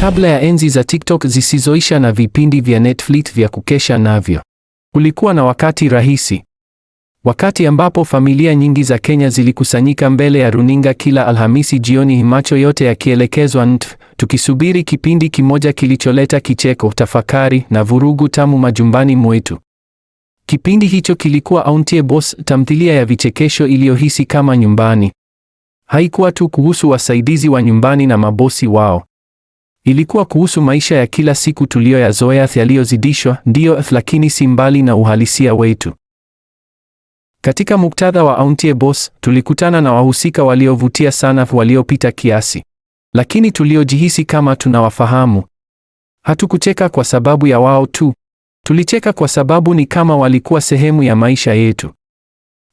Kabla ya enzi za TikTok zisizoisha na vipindi vya Netflix vya kukesha navyo, kulikuwa na wakati rahisi, wakati ambapo familia nyingi za Kenya zilikusanyika mbele ya runinga kila Alhamisi jioni, macho yote yakielekezwa NTV, tukisubiri kipindi kimoja kilicholeta kicheko, tafakari na vurugu tamu majumbani mwetu. Kipindi hicho kilikuwa Auntie Boss, tamthilia ya vichekesho iliyohisi kama nyumbani. Haikuwa tu kuhusu wasaidizi wa nyumbani na mabosi wao, Ilikuwa kuhusu maisha ya kila siku tuliyoyazoea yaliyozidishwa, ndiyo, lakini si mbali na uhalisia wetu. Katika muktadha wa Auntie Boss, tulikutana na wahusika waliovutia sana, waliopita kiasi, lakini tuliojihisi kama tunawafahamu. Hatukucheka kwa sababu ya wao tu, tulicheka kwa sababu ni kama walikuwa sehemu ya maisha yetu.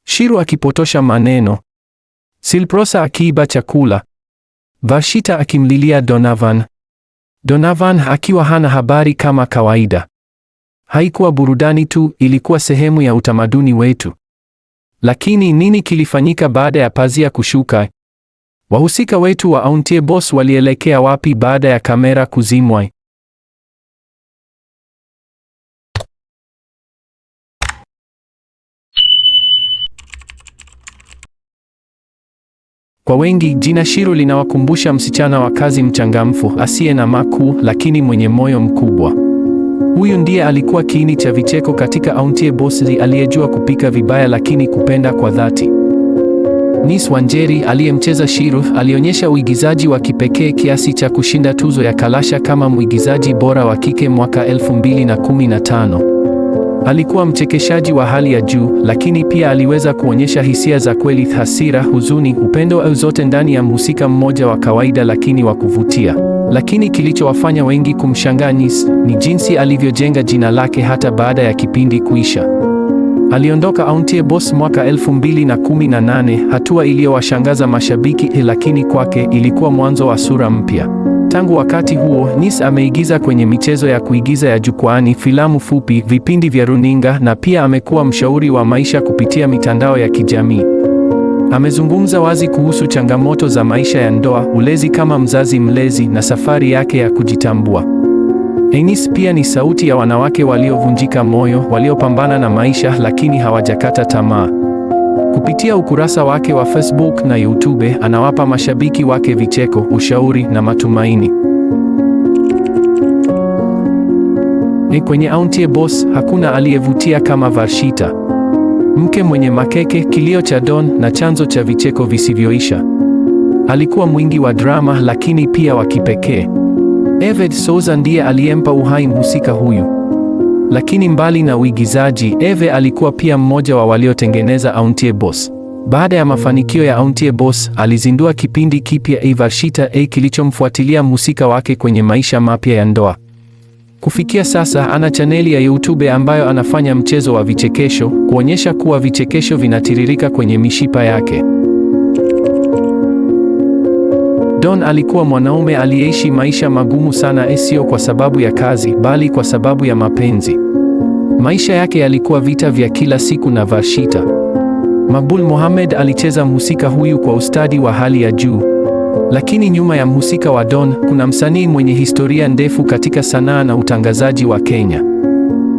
Shiru akipotosha maneno, Silprosa akiiba chakula, Vashita akimlilia Donavan donavan akiwa hana habari kama kawaida. Haikuwa burudani tu, ilikuwa sehemu ya utamaduni wetu. Lakini nini kilifanyika baada ya pazia kushuka? Wahusika wetu wa Auntie Boss walielekea wapi baada ya kamera kuzimwa? Kwa wengi jina Shiru linawakumbusha msichana wa kazi mchangamfu, asiye na makuu, lakini mwenye moyo mkubwa. Huyu ndiye alikuwa kiini cha vicheko katika Auntie Bosley, aliyejua kupika vibaya lakini kupenda kwa dhati. Nis Wanjeri aliyemcheza Shiru alionyesha uigizaji wa kipekee kiasi cha kushinda tuzo ya Kalasha kama mwigizaji bora wa kike mwaka 2015. Alikuwa mchekeshaji wa hali ya juu, lakini pia aliweza kuonyesha hisia za kweli: hasira, huzuni, upendo au zote ndani ya mhusika mmoja wa kawaida lakini wa kuvutia. Lakini kilichowafanya wengi kumshangaa nis ni jinsi alivyojenga jina lake hata baada ya kipindi kuisha. Aliondoka Auntie-Boss mwaka 2018, hatua iliyowashangaza mashabiki, lakini kwake ilikuwa mwanzo wa sura mpya. Tangu wakati huo, Nis ameigiza kwenye michezo ya kuigiza ya jukwaani, filamu fupi, vipindi vya runinga na pia amekuwa mshauri wa maisha kupitia mitandao ya kijamii. Amezungumza wazi kuhusu changamoto za maisha ya ndoa, ulezi kama mzazi mlezi na safari yake ya kujitambua. Enis pia ni sauti ya wanawake waliovunjika moyo, waliopambana na maisha lakini hawajakata tamaa. Kupitia ukurasa wake wa Facebook na YouTube, anawapa mashabiki wake vicheko, ushauri na matumaini. Ni kwenye Auntie Boss hakuna aliyevutia kama Varshita, mke mwenye makeke, kilio cha Don na chanzo cha vicheko visivyoisha. Alikuwa mwingi wa drama, lakini pia wa kipekee. Eved Souza ndiye aliyempa uhai mhusika huyu. Lakini mbali na uigizaji, Eve alikuwa pia mmoja wa waliotengeneza Auntie Boss. Baada ya mafanikio ya Auntie Boss, alizindua kipindi kipya Ivashita A kilichomfuatilia mhusika wake kwenye maisha mapya ya ndoa. Kufikia sasa ana chaneli ya YouTube ambayo anafanya mchezo wa vichekesho, kuonyesha kuwa vichekesho vinatiririka kwenye mishipa yake. Don alikuwa mwanaume aliyeishi maisha magumu sana, eh, sio kwa sababu ya kazi, bali kwa sababu ya mapenzi. Maisha yake yalikuwa vita vya kila siku na Vashita. Makbul mohamed alicheza mhusika huyu kwa ustadi wa hali ya juu, lakini nyuma ya mhusika wa Don kuna msanii mwenye historia ndefu katika sanaa na utangazaji wa Kenya.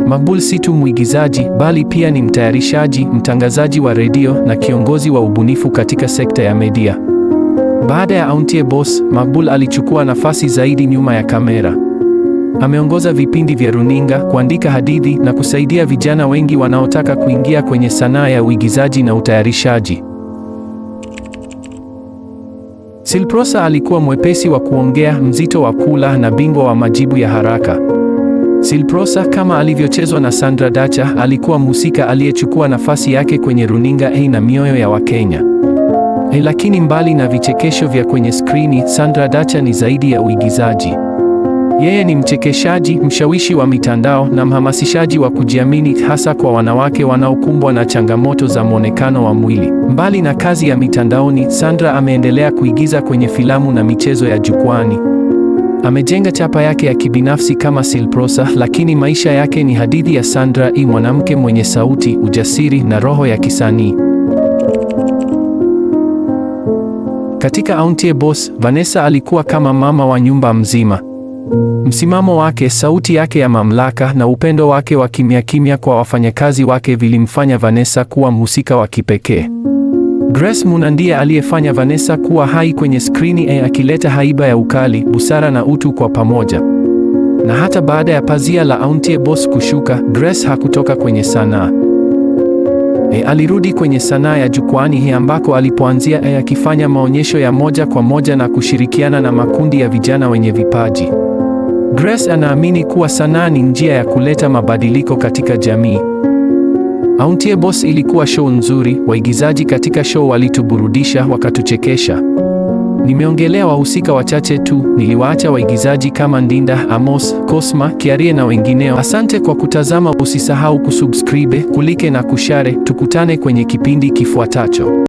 Makbul si tu mwigizaji bali pia ni mtayarishaji, mtangazaji wa redio na kiongozi wa ubunifu katika sekta ya media. Baada ya Auntie Boss, Mabul alichukua nafasi zaidi nyuma ya kamera. Ameongoza vipindi vya runinga, kuandika hadithi na kusaidia vijana wengi wanaotaka kuingia kwenye sanaa ya uigizaji na utayarishaji. Silprosa alikuwa mwepesi wa kuongea, mzito wa kula na bingwa wa majibu ya haraka. Silprosa, kama alivyochezwa na Sandra Dacha, alikuwa mhusika aliyechukua nafasi yake kwenye runinga hii na mioyo ya Wakenya. E, lakini mbali na vichekesho vya kwenye skrini, Sandra Dacha ni zaidi ya uigizaji. Yeye ni mchekeshaji, mshawishi wa mitandao na mhamasishaji wa kujiamini hasa kwa wanawake wanaokumbwa na changamoto za mwonekano wa mwili. Mbali na kazi ya mitandaoni, Sandra ameendelea kuigiza kwenye filamu na michezo ya jukwani. Amejenga chapa yake ya kibinafsi kama Silprosa, lakini maisha yake ni hadithi ya Sandra i mwanamke mwenye sauti, ujasiri na roho ya kisanii. Katika Auntie Boss, Vanessa alikuwa kama mama wa nyumba mzima. Msimamo wake, sauti yake ya mamlaka na upendo wake wa kimya kimya kwa wafanyakazi wake vilimfanya Vanessa kuwa mhusika wa kipekee. Grace Muna ndiye aliyefanya Vanessa kuwa hai kwenye skrini e, akileta haiba ya ukali, busara na utu kwa pamoja. Na hata baada ya pazia la Auntie Boss kushuka, Grace hakutoka kwenye sanaa. E, alirudi kwenye sanaa ya jukwani hii ambako alipoanzia e, akifanya maonyesho ya moja kwa moja na kushirikiana na makundi ya vijana wenye vipaji. Grace anaamini kuwa sanaa ni njia ya kuleta mabadiliko katika jamii. Auntie Boss ilikuwa show nzuri, waigizaji katika show walituburudisha, wakatuchekesha. Nimeongelea wahusika wachache tu, niliwaacha waigizaji kama Ndinda, Amos, Cosma, Kiarie na wengineo. Asante kwa kutazama, usisahau kusubscribe, kulike na kushare. Tukutane kwenye kipindi kifuatacho.